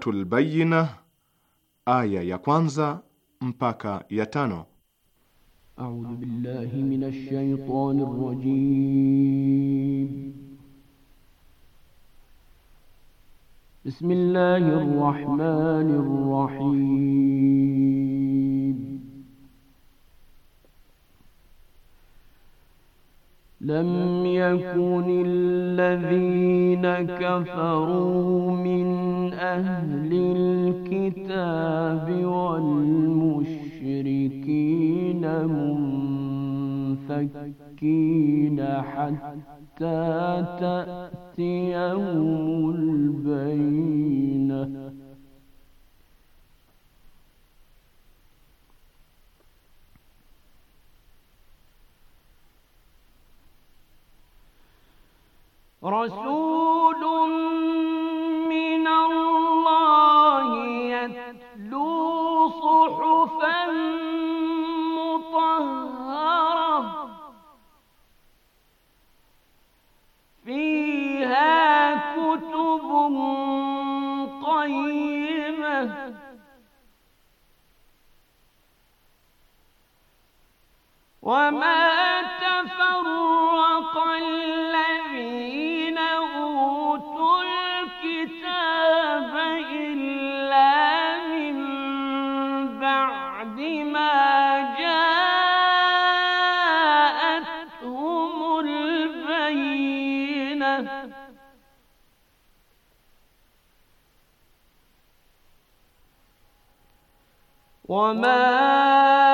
Suratul Bayyina aya ya kwanza mpaka ya tano. A'udhu billahi minash shaitani rrajim. Bismillahir rahmanir rahim. Lam yakuni alladhina kafaru حتى تأتي البينة رسول من الله يتلو صحفاً فيها كتب قيمة وما تفرق الذين وما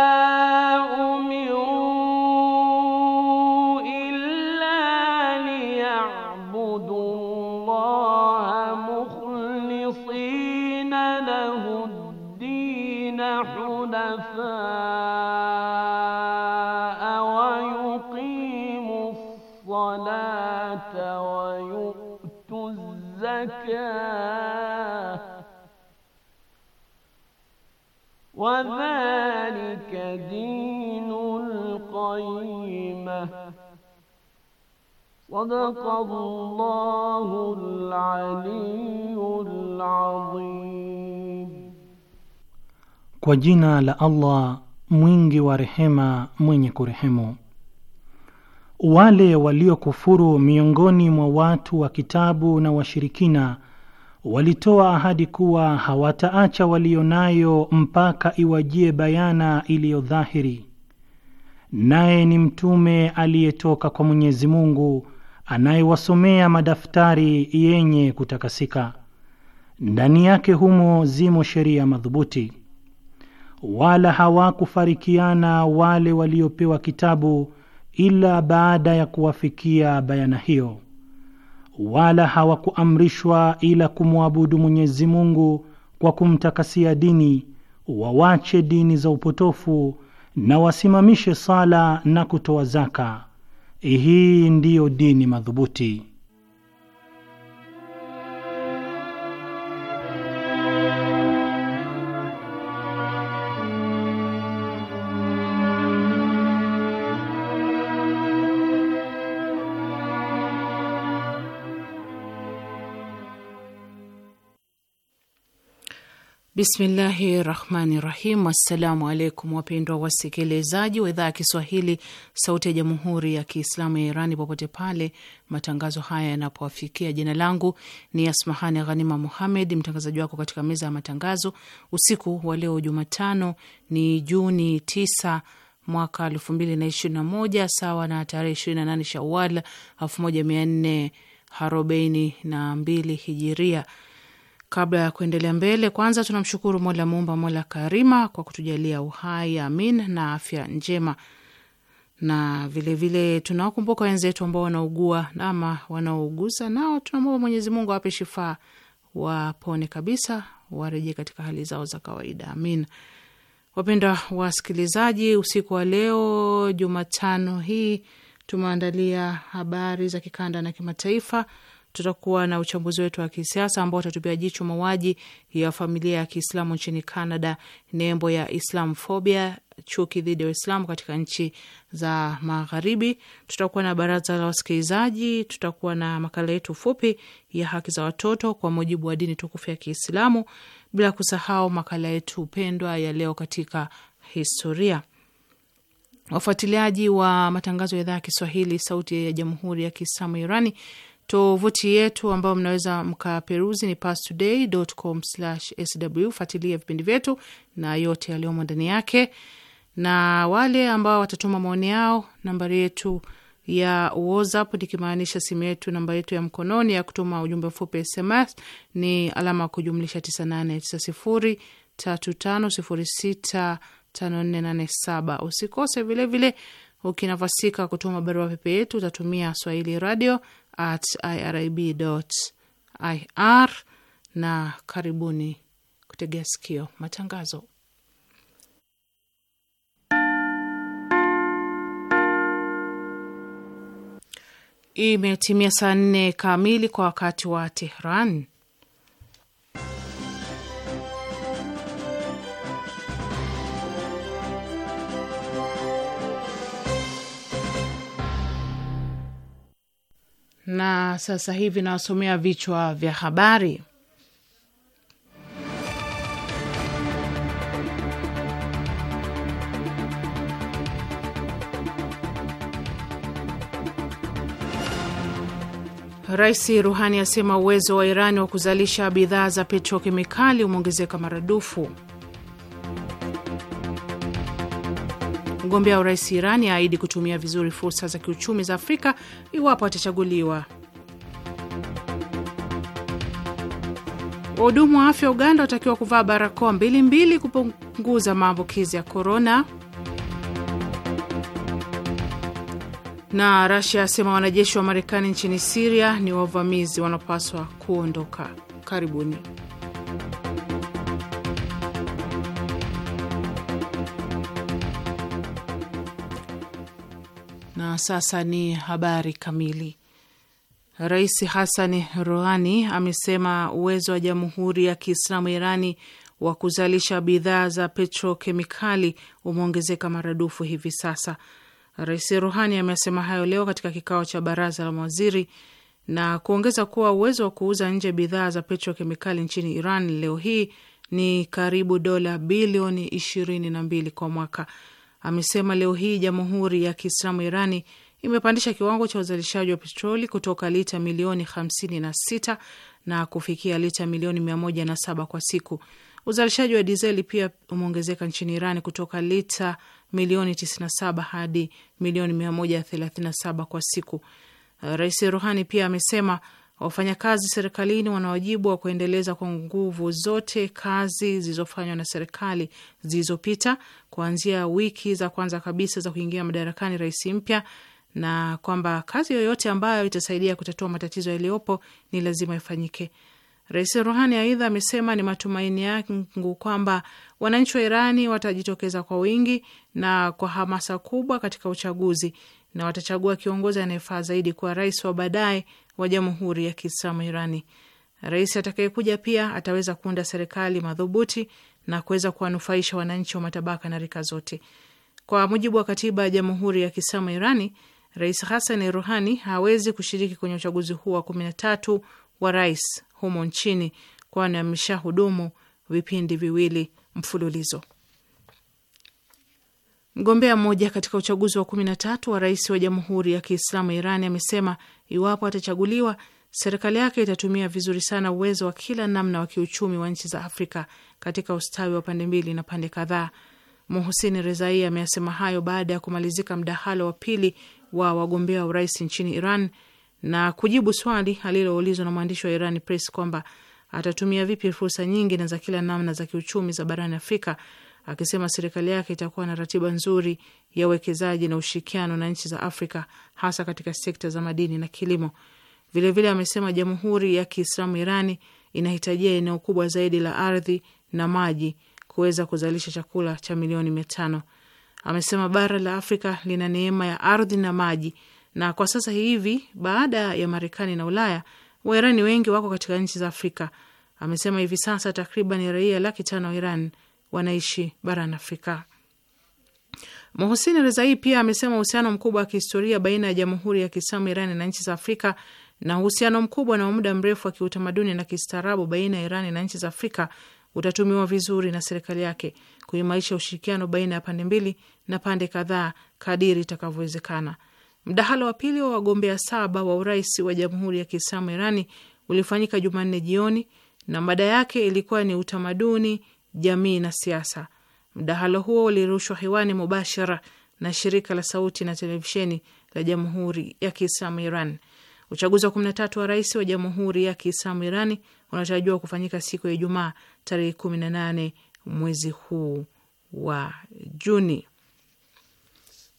قيمة صدق الله العلي العظيم Kwa jina la Allah mwingi wa rehema mwenye kurehemu. Wale waliokufuru miongoni mwa watu wa kitabu na washirikina walitoa ahadi kuwa hawataacha walionayo mpaka iwajie bayana iliyo dhahiri naye ni mtume aliyetoka kwa Mwenyezi Mungu anayewasomea madaftari yenye kutakasika, ndani yake humo zimo sheria madhubuti. Wala hawakufarikiana wale waliopewa kitabu ila baada ya kuwafikia bayana hiyo, wala hawakuamrishwa ila kumwabudu Mwenyezi Mungu kwa kumtakasia dini, wawache dini za upotofu na wasimamishe sala na kutoa zaka. Hii ndiyo dini madhubuti. Bismillahi rahmani rahim. Assalamu alaikum wapendwa wasikilizaji wa idhaa ya Kiswahili sauti ya jamhuri ya Kiislamu ya Irani popote pale matangazo haya yanapowafikia. Jina langu ni Asmahani Ghanima Muhamed, mtangazaji wako katika meza ya matangazo. Usiku wa leo Jumatano ni Juni 9 mwaka 2021 sawa na tarehe 28 Shawal 1442 Hijiria. Kabla ya kuendelea mbele, kwanza tunamshukuru Mola Muumba, Mola Karima kwa kutujalia uhai, amin, na afya njema, na vilevile tunawakumbuka wenzetu ambao wanaugua ama wanaouguza, nao tunamwomba Mwenyezi Mungu awape shifaa, wapone kabisa, warejee katika hali zao za kawaida, amin. Wapenda wasikilizaji, usiku wa leo Jumatano hii tumeandalia habari za kikanda na kimataifa tutakuwa na uchambuzi wetu wa kisiasa ambao utatupia jicho mauaji ya familia ya Kiislamu nchini Canada, nembo ya Islamfobia, chuki dhidi ya Uislamu katika nchi za Magharibi. Tutakuwa na baraza la wasikilizaji, tutakuwa na makala yetu fupi ya haki za watoto kwa mujibu wa dini tukufu ya Kiislamu, bila kusahau makala yetu pendwa ya leo katika historia. Wafuatiliaji wa matangazo ya idhaa ya Kiswahili sauti ya Jamhuri ya Kiislamu Irani Tovuti yetu ambayo mnaweza mkaperuzi ni pastoday.com/sw. Fuatilia vipindi vyetu na yote yaliyomo ndani yake, na wale ambao watatuma maoni yao, nambari yetu ya WhatsApp nikimaanisha simu yetu, namba yetu ya mkononi ya kutuma ujumbe mfupi SMS ni alama ya kujumlisha 989035065487. Usikose vilevile, ukinafasika kutuma barua pepe yetu utatumia swahili radio at irib.ir, na karibuni kutegea sikio matangazo Imetimia saa nne kamili kwa wakati wa Tehran, na sasa hivi nawasomea vichwa vya habari. Rais Ruhani asema uwezo wa Irani wa kuzalisha bidhaa za petrokemikali umeongezeka maradufu. Mgombea urais Irani aahidi kutumia vizuri fursa za kiuchumi za Afrika iwapo atachaguliwa. Wahudumu wa afya Uganda watakiwa kuvaa barakoa mbili mbili kupunguza maambukizi ya korona. Na Rasia asema wanajeshi wa Marekani nchini Siria ni wavamizi, wanapaswa kuondoka. Karibuni. sasa ni habari kamili. Rais Hassan Rouhani amesema uwezo wa Jamhuri ya Kiislamu Irani wa kuzalisha bidhaa za petrokemikali umeongezeka maradufu hivi sasa. Rais Rouhani amesema hayo leo katika kikao cha baraza la mawaziri na kuongeza kuwa uwezo wa kuuza nje bidhaa za petrokemikali nchini Iran leo hii ni karibu dola bilioni ishirini na mbili kwa mwaka amesema leo hii Jamhuri ya Kiislamu Irani imepandisha kiwango cha uzalishaji wa petroli kutoka lita milioni 56 na kufikia lita milioni 107 kwa siku. Uzalishaji wa dizeli pia umeongezeka nchini Irani kutoka lita milioni 97 hadi milioni 137 kwa siku. Rais Ruhani pia amesema Wafanyakazi serikalini wana wajibu wa kuendeleza kwa nguvu zote kazi zilizofanywa na serikali zilizopita kuanzia wiki za kwanza kabisa za kuingia madarakani rais mpya, na kwamba kazi yoyote ambayo itasaidia kutatua matatizo yaliyopo ni lazima ifanyike. Rais Ruhani aidha amesema ni matumaini yangu kwamba wananchi wa Irani watajitokeza kwa wingi na kwa hamasa kubwa katika uchaguzi na watachagua kiongozi anayefaa zaidi kuwa rais wa baadaye wa jamhuri ya Kiislamu Irani. Rais atakayekuja pia ataweza kuunda serikali madhubuti na kuweza kuwanufaisha wananchi wa matabaka na rika zote. Kwa mujibu wa katiba ya jamhuri ya Kiislamu Irani, Rais Hasan Ruhani hawezi kushiriki kwenye uchaguzi huu wa kumi na tatu wa rais humo nchini, kwani ameshahudumu vipindi viwili mfululizo. Mgombea mmoja katika uchaguzi wa kumi na tatu wa rais wa Jamhuri ya Kiislamu ya iran amesema iwapo atachaguliwa, serikali yake itatumia vizuri sana uwezo wa kila namna wa kiuchumi wa nchi za Afrika katika ustawi wa pande mbili na pande kadhaa. Muhusini Rezai ameyasema hayo baada ya kumalizika mdahalo wa pili wa wagombea wa urais nchini Iran na kujibu swali aliloulizwa na mwandishi wa Iran Press kwamba atatumia vipi fursa nyingi na za kila namna za kiuchumi za barani Afrika akisema serikali yake itakuwa na ratiba nzuri ya uwekezaji na ushirikiano na nchi za Afrika, hasa katika sekta za madini na kilimo. Vilevile amesema Jamhuri ya Kiislamu Irani inahitajia eneo kubwa zaidi la ardhi na maji kuweza kuzalisha chakula cha milioni mia tano. Amesema bara la Afrika lina neema ya ardhi na maji, na kwa sasa hivi baada ya Marekani na Ulaya, Wairani wengi wako katika nchi za Afrika. Amesema hivi sasa takriban raia laki tano wa Iran wanaishi barani Afrika. Mohsin Rezai pia amesema uhusiano mkubwa wa kihistoria baina ya Jamhuri ya Kiislamu Irani na nchi za Afrika na uhusiano mkubwa na wa muda mrefu wa kiutamaduni na kistaarabu baina ya Irani na nchi za Afrika utatumiwa vizuri na serikali yake kuimarisha ushirikiano baina ya pande mbili na pande kadhaa kadiri itakavyowezekana. Mdahalo wa pili wa wagombea saba wa urais wa Jamhuri ya Kiislamu Irani ulifanyika Jumanne jioni na mada yake ilikuwa ni utamaduni jamii na siasa. Mdahalo huo ulirushwa hewani mubashara na shirika la sauti na televisheni la jamhuri ya kiislamu Iran. Uchaguzi wa tatu wa rais wa jamhuri ya kiislamu Irani unatarajiwa kufanyika siku ya Ijumaa tarehe nane mwezi huu wa Juni.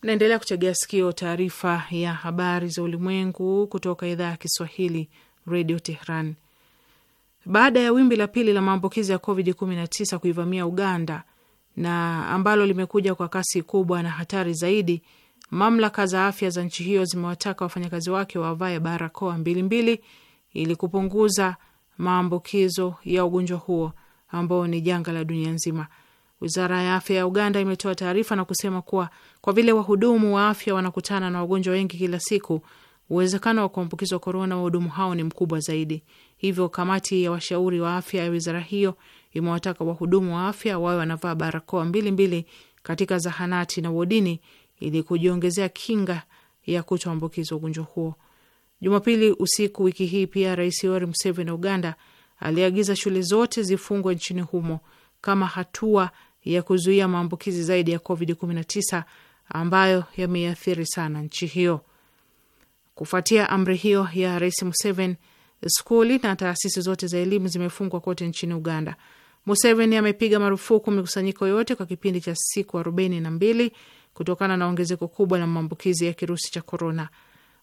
Naendelea kuchegea sikio taarifa ya habari za ulimwengu kutoka idhaa ya Kiswahili, radio Tehran. Baada ya wimbi la pili la maambukizi ya COVID-19 kuivamia Uganda na ambalo limekuja kwa kasi kubwa na hatari zaidi, mamlaka za afya za nchi hiyo zimewataka wafanyakazi wake wavae barakoa mbili mbili ili kupunguza maambukizo ya ugonjwa huo ambao ni janga la dunia nzima. Wizara ya afya ya Uganda imetoa taarifa na kusema kuwa kwa vile wahudumu wa afya wanakutana na wagonjwa wengi kila siku, uwezekano wa kuambukizwa korona wahudumu hao ni mkubwa zaidi. Hivyo kamati ya washauri wa afya ya wizara hiyo imewataka wahudumu wa afya wawe wanavaa barakoa mbili mbili katika zahanati na wodini ili kujiongezea kinga ya kutoambukizwa ugonjwa huo. Jumapili usiku wiki hii pia Rais Yoweri Museveni wa Uganda aliagiza shule zote zifungwe nchini humo kama hatua ya kuzuia maambukizi zaidi ya COVID-19 ambayo yameathiri sana nchi hiyo. Kufuatia amri hiyo ya Rais Museveni, skuli na taasisi zote za elimu zimefungwa kote nchini Uganda. Museveni amepiga marufuku mikusanyiko yote kwa kipindi cha siku arobaini na mbili kutokana na ongezeko kubwa la maambukizi ya kirusi cha korona.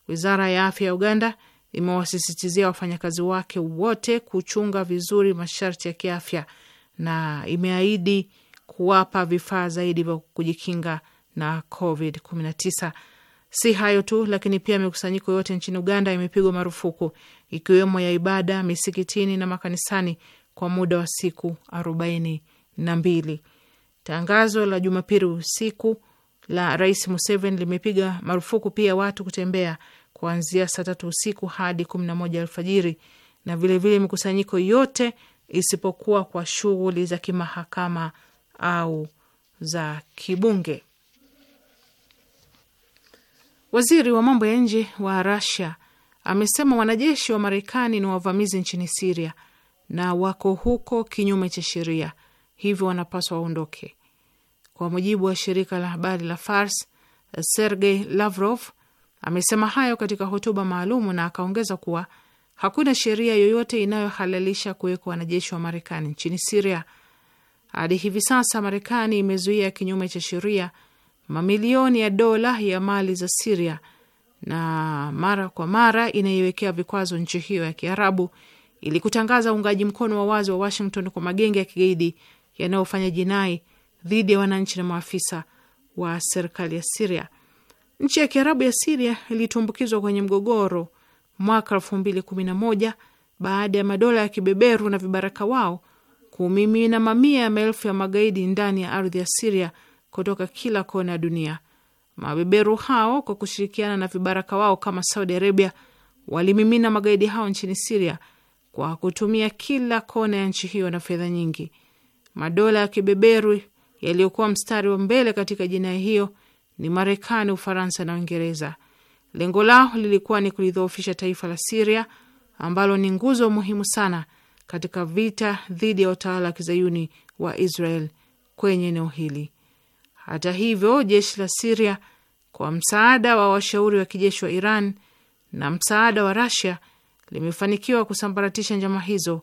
Wizara ya afya ya Uganda imewasisitizia wafanyakazi wake wote kuchunga vizuri masharti ya kiafya na imeahidi kuwapa vifaa zaidi vya kujikinga na COVID 19. Si hayo tu, lakini pia mikusanyiko yote nchini Uganda imepigwa marufuku ikiwemo ya ibada misikitini na makanisani kwa muda wa siku arobaini na mbili. Tangazo la Jumapili usiku la Rais Museveni limepiga marufuku pia watu kutembea kuanzia saa tatu usiku hadi kumi na moja alfajiri na vilevile mikusanyiko yote isipokuwa kwa shughuli za kimahakama au za kibunge. Waziri wa mambo ya nje wa Rasia amesema wanajeshi wa Marekani ni wavamizi nchini Siria na wako huko kinyume cha sheria, hivyo wanapaswa waondoke. Kwa mujibu wa shirika la habari la Fars, Sergei Lavrov amesema hayo katika hotuba maalumu na akaongeza kuwa hakuna sheria yoyote inayohalalisha kuwekwa wanajeshi wa Marekani nchini Siria. Hadi hivi sasa Marekani imezuia kinyume cha sheria mamilioni ya dola ya mali za Siria na mara kwa mara inaiwekea vikwazo nchi hiyo ya Kiarabu ili kutangaza uungaji mkono wa wazi wa Washington kwa magenge ya kigaidi yanayofanya jinai dhidi ya wananchi na maafisa wa serikali ya Siria. Nchi ya Kiarabu ya Siria ilitumbukizwa kwenye mgogoro mwaka elfu mbili kumi na moja baada ya madola ya kibeberu na vibaraka wao kumimina mamia ya maelfu ya magaidi ndani ya ardhi ya Siria kutoka kila kona ya dunia. Mabeberu hao kwa kushirikiana na vibaraka wao kama Saudi Arabia walimimina magaidi hao nchini Siria kwa kutumia kila kona ya nchi hiyo na fedha nyingi. Madola ya kibeberu yaliyokuwa mstari wa mbele katika jinai hiyo ni Marekani, Ufaransa na Uingereza. Lengo lao lilikuwa ni kulidhoofisha taifa la Siria ambalo ni nguzo muhimu sana katika vita dhidi ya utawala wa kizayuni wa Israel kwenye eneo hili. Hata hivyo, jeshi la Siria kwa msaada wa washauri wa kijeshi wa Iran na msaada wa Rasia limefanikiwa kusambaratisha njama hizo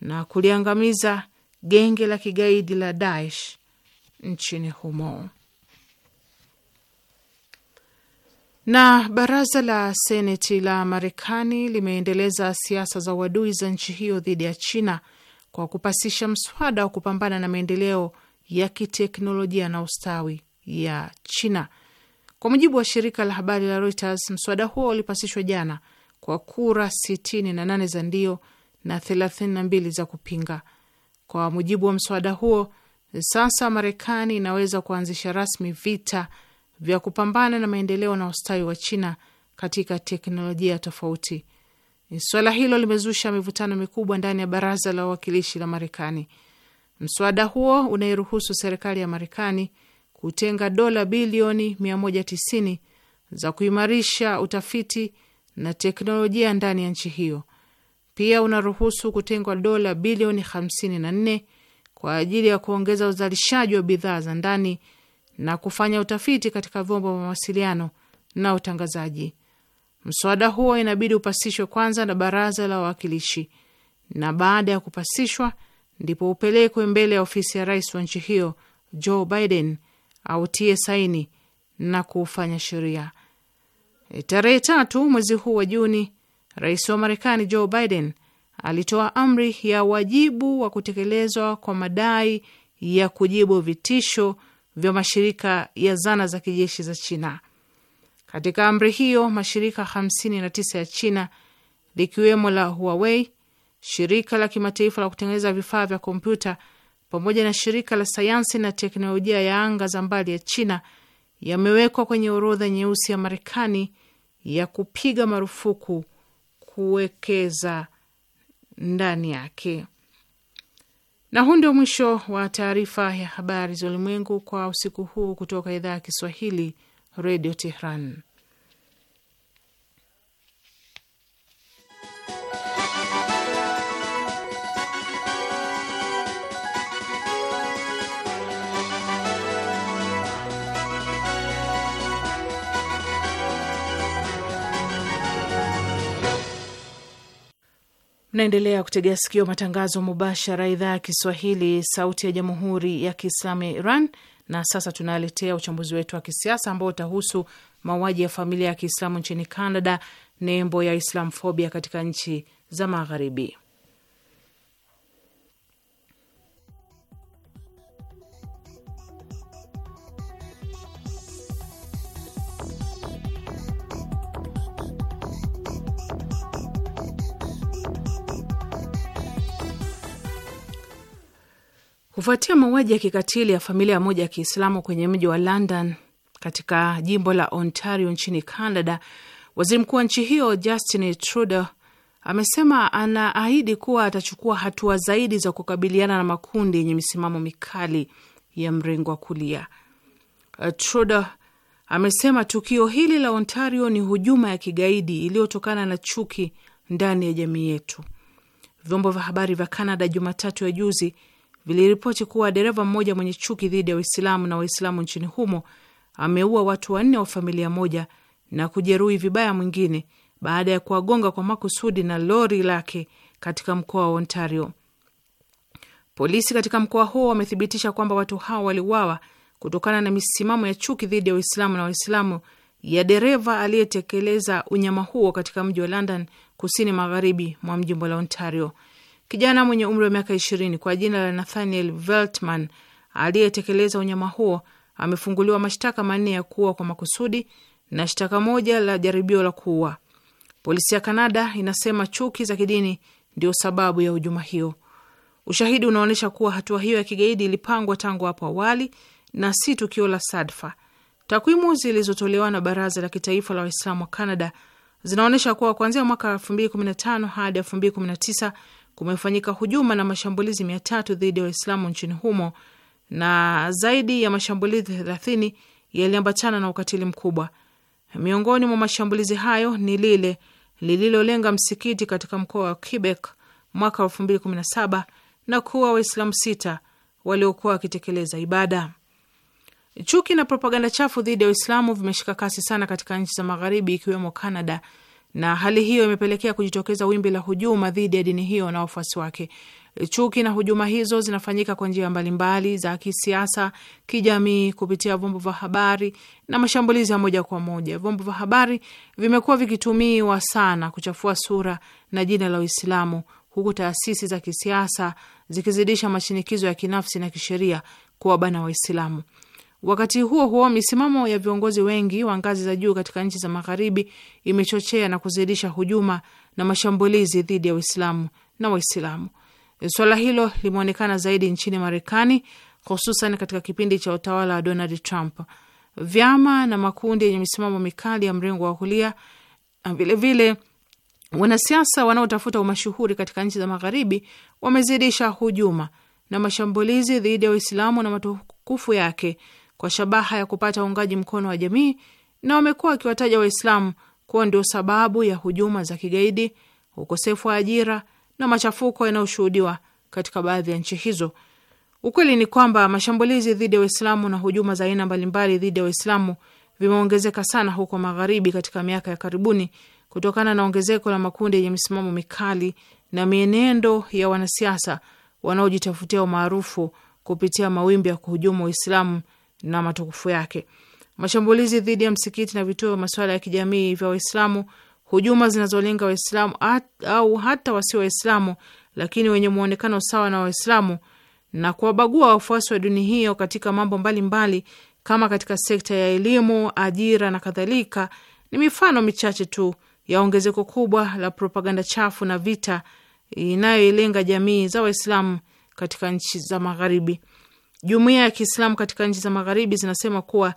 na kuliangamiza genge la kigaidi la Daesh nchini humo. Na baraza la seneti la Marekani limeendeleza siasa za uadui za nchi hiyo dhidi ya China kwa kupasisha mswada wa kupambana na maendeleo ya kiteknolojia na ustawi ya China. Kwa mujibu wa shirika la habari la Reuters, mswada huo ulipasishwa jana kwa kura 68 za ndio na 32 za kupinga. Kwa mujibu wa mswada huo, sasa Marekani inaweza kuanzisha rasmi vita vya kupambana na maendeleo na ustawi wa China katika teknolojia tofauti. Swala hilo limezusha mivutano mikubwa ndani ya baraza la wawakilishi la Marekani. Mswada huo unairuhusu serikali ya Marekani kutenga dola bilioni 190 za kuimarisha utafiti na teknolojia ndani ya nchi hiyo. Pia unaruhusu kutengwa dola bilioni 54 kwa ajili ya kuongeza uzalishaji wa bidhaa za ndani na kufanya utafiti katika vyombo vya mawasiliano na utangazaji. Mswada huo inabidi upasishwe kwanza na baraza la wawakilishi, na baada ya kupasishwa ndipo upelekwe mbele ya ofisi ya rais wa nchi hiyo Joe Biden autie saini na kuufanya sheria. E, tarehe tatu mwezi huu wa Juni, rais wa Marekani Joe Biden alitoa amri ya wajibu wa kutekelezwa kwa madai ya kujibu vitisho vya mashirika ya zana za kijeshi za China. Katika amri hiyo, mashirika 59 ya China likiwemo la Huawei shirika la kimataifa la kutengeneza vifaa vya kompyuta pamoja na shirika la sayansi na teknolojia ya anga za mbali ya China yamewekwa kwenye orodha nyeusi ya Marekani ya kupiga marufuku kuwekeza ndani yake. Na huu ndio mwisho wa taarifa ya habari za ulimwengu kwa usiku huu kutoka idhaa ya Kiswahili, Redio Tehran. Mnaendelea kutegea sikio matangazo mubashara idhaa ya Kiswahili, sauti ya jamhuri ya kiislamu ya Iran. Na sasa tunaletea uchambuzi wetu wa kisiasa ambao utahusu mauaji ya familia ya kiislamu nchini Canada, nembo ya islamfobia katika nchi za Magharibi. Kufuatia mauaji ya kikatili ya familia moja ya Kiislamu kwenye mji wa London katika jimbo la Ontario nchini Canada, waziri mkuu wa nchi hiyo Justin Trudeau amesema anaahidi kuwa atachukua hatua zaidi za kukabiliana na makundi yenye misimamo mikali ya mrengo wa kulia. Trudeau amesema tukio hili la Ontario ni hujuma ya kigaidi iliyotokana na chuki ndani ya jamii yetu. Vyombo vya habari vya Canada Jumatatu ya juzi viliripoti kuwa dereva mmoja mwenye chuki dhidi ya Uislamu na Waislamu nchini humo ameua watu wanne wa familia moja na kujeruhi vibaya mwingine baada ya kuwagonga kwa makusudi na lori lake katika mkoa wa Ontario. Polisi katika mkoa huo wamethibitisha kwamba watu hao waliuawa kutokana na misimamo ya chuki dhidi ya Uislamu na Waislamu ya dereva aliyetekeleza unyama huo katika mji wa London, kusini magharibi mwa mjimbo la Ontario. Kijana mwenye umri wa miaka ishirini kwa jina la Nathaniel Veltman aliyetekeleza unyama huo amefunguliwa mashtaka manne ya kuua kwa makusudi na shtaka moja la jaribio la kuua. Polisi ya Kanada inasema chuki za kidini ndio sababu ya hujuma hiyo. Ushahidi unaonyesha kuwa hatua hiyo ya kigaidi ilipangwa tangu hapo awali na si tukio la sadfa. Takwimu zilizotolewa na Baraza la Kitaifa la Waislamu wa Kanada zinaonyesha kuwa kuanzia mwaka 215 hadi 2019 kumefanyika hujuma na mashambulizi mia tatu dhidi ya Waislamu nchini humo na zaidi ya mashambulizi thelathini yaliambatana na ukatili mkubwa. Miongoni mwa mashambulizi hayo ni lile lililolenga msikiti katika mkoa wa Quebec mwaka saba na kuwa Waislamu sita waliokuwa wakitekeleza ibada. Chuki na propaganda chafu dhidi ya Waislamu vimeshika kasi sana katika nchi za Magharibi, ikiwemo Canada na hali hiyo imepelekea kujitokeza wimbi la hujuma dhidi ya dini hiyo na wafuasi wake. Chuki na hujuma hizo zinafanyika kwa njia mbalimbali za kisiasa, kijamii, kupitia vyombo vya habari na mashambulizi ya moja kwa moja. Vyombo vya habari vimekuwa vikitumiwa sana kuchafua sura na jina la Uislamu, huku taasisi za kisiasa zikizidisha mashinikizo ya kinafsi na kisheria kuwabana Waislamu. Wakati huo huo, misimamo ya viongozi wengi wa ngazi za juu katika nchi za magharibi imechochea na kuzidisha hujuma na mashambulizi dhidi ya Uislamu na Waislamu. Swala hilo limeonekana zaidi nchini Marekani, hususan katika kipindi cha utawala wa Donald Trump. Vyama na makundi yenye misimamo mikali ya mrengo wa kulia, vilevile wanasiasa wanaotafuta umashuhuri katika nchi za magharibi wamezidisha hujuma na mashambulizi dhidi ya Uislamu na matukufu yake kwa shabaha ya kupata uungaji mkono wa jamii, na wamekuwa wakiwataja Waislamu kuwa ndio sababu ya hujuma za kigaidi, ukosefu wa ajira na machafuko yanayoshuhudiwa katika baadhi ya nchi hizo. Ukweli ni kwamba mashambulizi dhidi ya Waislamu na hujuma za aina mbalimbali dhidi ya Waislamu vimeongezeka sana huko Magharibi katika miaka ya karibuni kutokana na ongezeko la makundi yenye misimamo mikali na mienendo ya wanasiasa wanaojitafutia umaarufu kupitia mawimbi ya kuhujumu Waislamu na matukufu yake, mashambulizi dhidi ya msikiti na vituo vya masuala ya kijamii vya Waislamu, hujuma zinazolenga Waislamu au hata wasio Waislamu lakini wenye mwonekano sawa na Waislamu na kuwabagua wafuasi wa dini hiyo katika mambo mbalimbali mbali, kama katika sekta ya elimu, ajira na kadhalika, ni mifano michache tu ya ongezeko kubwa la propaganda chafu na vita inayoilenga jamii za Waislamu katika nchi za Magharibi. Jumuiya ya Kiislamu katika nchi za Magharibi zinasema kuwa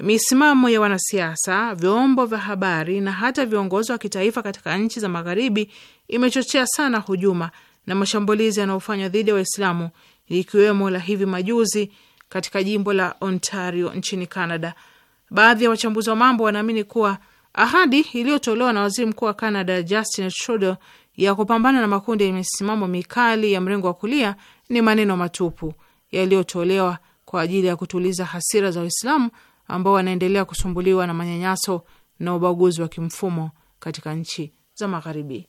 misimamo ya wanasiasa, vyombo vya habari na hata viongozi wa kitaifa katika nchi za Magharibi imechochea sana hujuma na mashambulizi yanayofanywa dhidi ya Waislamu, ikiwemo la hivi majuzi katika jimbo la Ontario nchini Canada. Baadhi ya wachambuzi wa mambo wanaamini kuwa ahadi iliyotolewa na waziri mkuu wa Canada Justin Trudeau ya kupambana na makundi yenye misimamo mikali ya mrengo wa kulia ni maneno matupu yaliyotolewa kwa ajili ya kutuliza hasira za Waislamu ambao wanaendelea kusumbuliwa na manyanyaso na ubaguzi wa kimfumo katika nchi za Magharibi.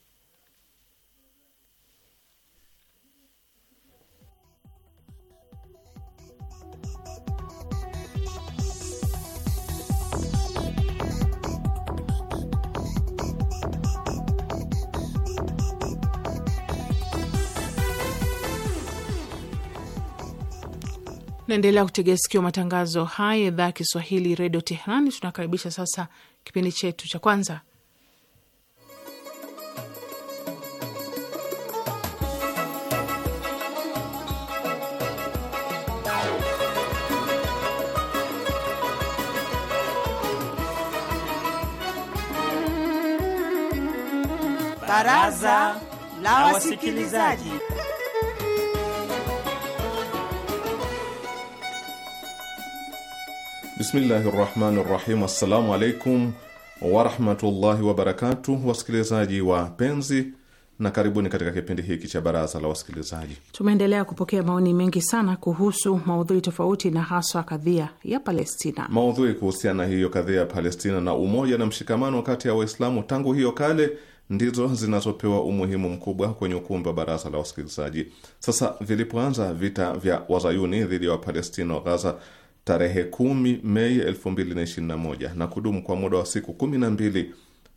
Naendelea kutegea sikio matangazo haya idhaa ya Kiswahili redio Teherani. Tunakaribisha sasa kipindi chetu cha kwanza Baraza la Wasikilizaji. Bismillahi rahmani rahim. Assalamu alaikum warahmatullahi wabarakatuh, wasikilizaji wapenzi, na karibuni katika kipindi hiki cha baraza la wasikilizaji. Tumeendelea kupokea maoni mengi sana kuhusu maudhui tofauti na haswa kadhia ya Palestina. Maudhui kuhusiana hiyo kadhia ya Palestina na umoja na mshikamano kati ya Waislamu tangu hiyo kale ndizo zinazopewa umuhimu mkubwa kwenye ukumbi wa baraza la wasikilizaji. Sasa vilipoanza vita vya wazayuni dhidi ya Wapalestina wa Gaza tarehe 10 Mei 2021 na na kudumu kwa muda wa siku kumi na mbili.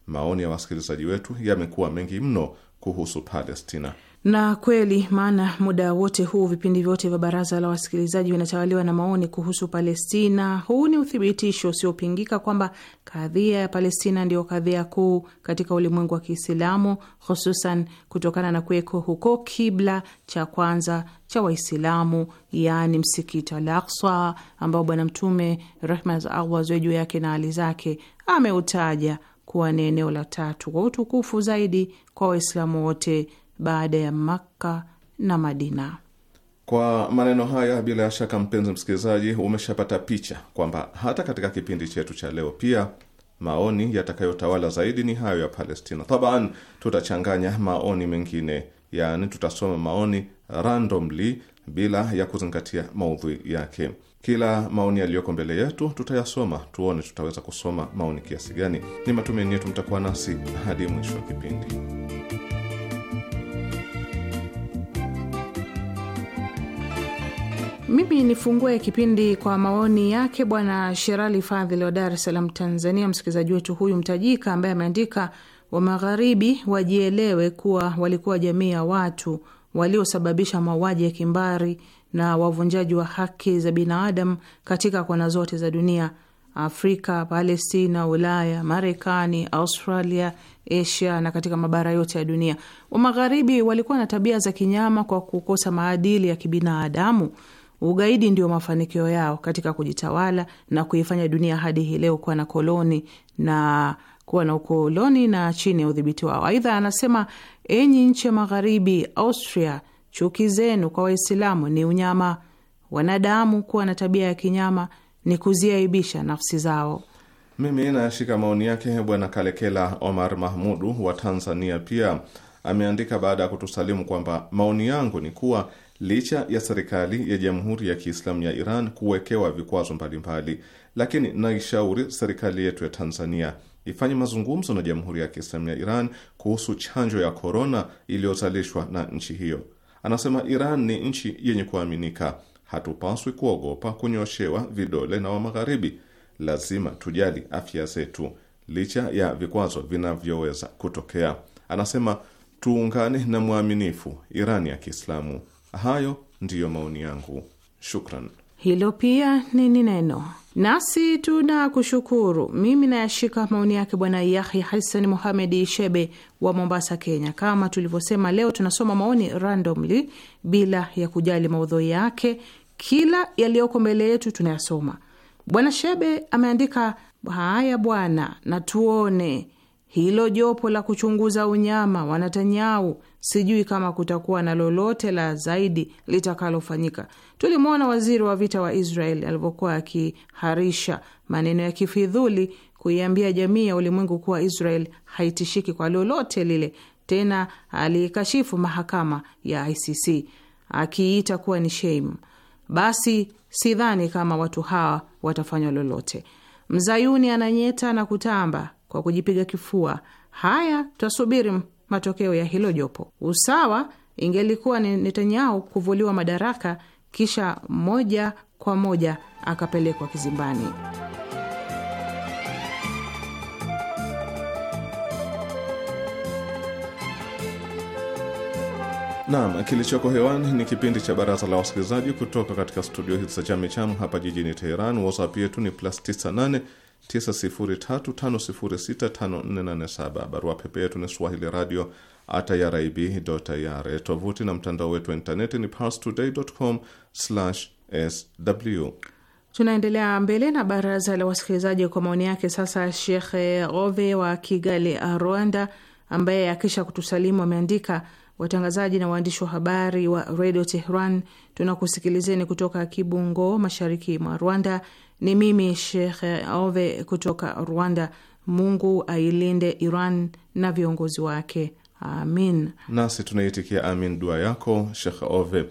Maoni ya wasikilizaji wetu yamekuwa mengi mno kuhusu Palestina. Na kweli maana muda wote huu vipindi vyote vya baraza la wasikilizaji vinatawaliwa na maoni kuhusu Palestina. Huu ni uthibitisho usiopingika kwamba kadhia ya Palestina ndiyo kadhia kuu katika ulimwengu wa Kiislamu, hususan kutokana na kuweko huko kibla cha kwanza cha Waislamu, yaani msikiti Al Aqsa ambao Bwana Mtume rehma za Allah ziwe juu yake na hali zake ameutaja kuwa ni eneo la tatu kwa utukufu zaidi kwa Waislamu wote baada ya Makka na Madina. Kwa maneno haya, bila shaka, mpenzi msikilizaji, umeshapata picha kwamba hata katika kipindi chetu cha leo pia maoni yatakayotawala zaidi ni hayo ya Palestina. Taban, tutachanganya maoni mengine, yaani tutasoma maoni randomly bila ya kuzingatia maudhui yake. Kila maoni yaliyoko mbele yetu tutayasoma, tuone tutaweza kusoma maoni kiasi gani. Ni matumaini yetu mtakuwa nasi hadi mwisho wa kipindi. Mimi nifungue kipindi kwa maoni yake Bwana Sherali Fadhili wa Dar es Salaam, Tanzania, msikilizaji wetu huyu mtajika, ambaye ameandika wa magharibi wajielewe kuwa walikuwa jamii ya watu waliosababisha mauaji ya kimbari na wavunjaji wa haki za binadamu katika kona zote za dunia: Afrika, Palestina, Ulaya, Marekani, Australia, Asia na katika mabara yote ya dunia. Wa magharibi walikuwa na tabia za kinyama kwa kukosa maadili ya kibinadamu. Ugaidi ndio mafanikio yao katika kujitawala na kuifanya dunia hadi hii leo kuwa na koloni na kuwa na ukoloni na chini ya udhibiti wao. Aidha anasema, enyi nchi ya magharibi, Austria, chuki zenu kwa Waislamu ni unyama. Wanadamu kuwa na tabia ya kinyama ni kuziaibisha nafsi zao. Mimi nayashika maoni yake Bwana Kalekela Omar Mahmudu wa Tanzania pia ameandika baada ya kutusalimu kwamba maoni yangu ni kuwa Licha ya serikali ya Jamhuri ya Kiislamu ya Iran kuwekewa vikwazo mbalimbali, lakini naishauri serikali yetu ya Tanzania ifanye mazungumzo na Jamhuri ya Kiislamu ya Iran kuhusu chanjo ya korona iliyozalishwa na nchi hiyo. Anasema Iran ni nchi yenye kuaminika, hatupaswi kuogopa kunyoshewa vidole na wa Magharibi. Lazima tujali afya zetu licha ya vikwazo vinavyoweza kutokea. Anasema tuungane na mwaminifu iran ya Kiislamu. Hayo ndiyo maoni yangu, shukran. Hilo pia ni neno nasi tuna kushukuru. Mimi nayashika maoni yake Bwana Yahya Hassan Muhamedi Shebe wa Mombasa, Kenya. Kama tulivyosema, leo tunasoma maoni randomly bila ya kujali maudhui yake, kila yaliyoko mbele yetu tunayasoma. Bwana Shebe ameandika haya bwana, na tuone hilo jopo la kuchunguza unyama wa Netanyahu, sijui kama kutakuwa na lolote la zaidi litakalofanyika. Tulimwona waziri wa vita wa Israel alivyokuwa akiharisha maneno ya kifidhuli kuiambia jamii ya ulimwengu kuwa Israel haitishiki kwa lolote lile. Tena alikashifu mahakama ya ICC akiita kuwa ni shame. Basi sidhani kama watu hawa watafanywa lolote. Mzayuni ananyeta na kutamba kwa kujipiga kifua. Haya, twasubiri matokeo ya hilo jopo. Usawa ingelikuwa ni Netanyahu kuvuliwa madaraka, kisha moja kwa moja akapelekwa kizimbani. Naam, kilichoko hewani ni kipindi cha baraza la wasikilizaji kutoka katika studio hizi za Jamicham hapa jijini Teheran. WhatsApp yetu ni plus 98 903506547. Barua pepe yetu ni swahili radio at irib Tovuti na mtandao wetu wa intaneti ni parstoday.com sw. Tunaendelea mbele na baraza la wasikilizaji kwa maoni yake. Sasa Shekhe Ove wa Kigali, Rwanda, ambaye akisha kutusalimu ameandika watangazaji na waandishi wa habari wa redio Tehran, tunakusikilizeni kutoka Kibungo, mashariki mwa Rwanda. Ni mimi shekhe Ove kutoka Rwanda. Mungu ailinde Iran na viongozi wake, amin. Nasi tunaitikia amin dua yako shekhe Ove.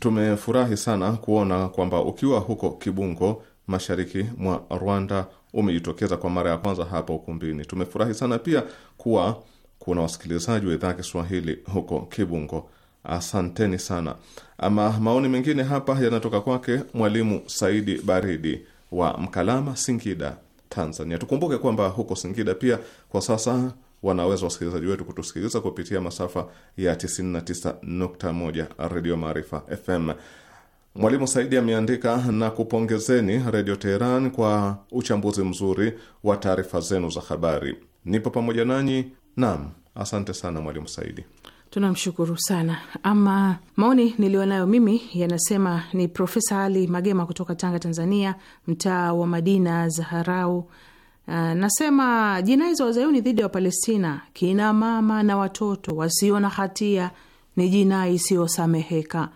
Tumefurahi sana kuona kwamba ukiwa huko Kibungo, mashariki mwa Rwanda, umejitokeza kwa mara ya kwanza hapa ukumbini. Tumefurahi sana pia kuwa kuna wasikilizaji wa idhaa ya Kiswahili huko Kibungo. Asanteni sana. Ama maoni mengine hapa yanatoka kwake Mwalimu Saidi Baridi wa Mkalama, Singida, Tanzania. Tukumbuke kwamba huko Singida pia kwa sasa wanaweza wasikilizaji wetu kutusikiliza kupitia masafa ya 99.1 Redio Maarifa FM. Mwalimu Saidi ameandika na kupongezeni Redio Teheran kwa uchambuzi mzuri wa taarifa zenu za habari. Nipo pamoja nanyi Naam, asante sana mwalimu Saidi. Tunamshukuru sana. Ama maoni niliyo nayo mimi yanasema ni Profesa Ali Magema kutoka Tanga, Tanzania, mtaa wa Madina Zaharau. Uh, nasema jinai za wazayuni dhidi ya Wapalestina, kina mama na watoto wasio na hatia ni jinai isiyosameheka.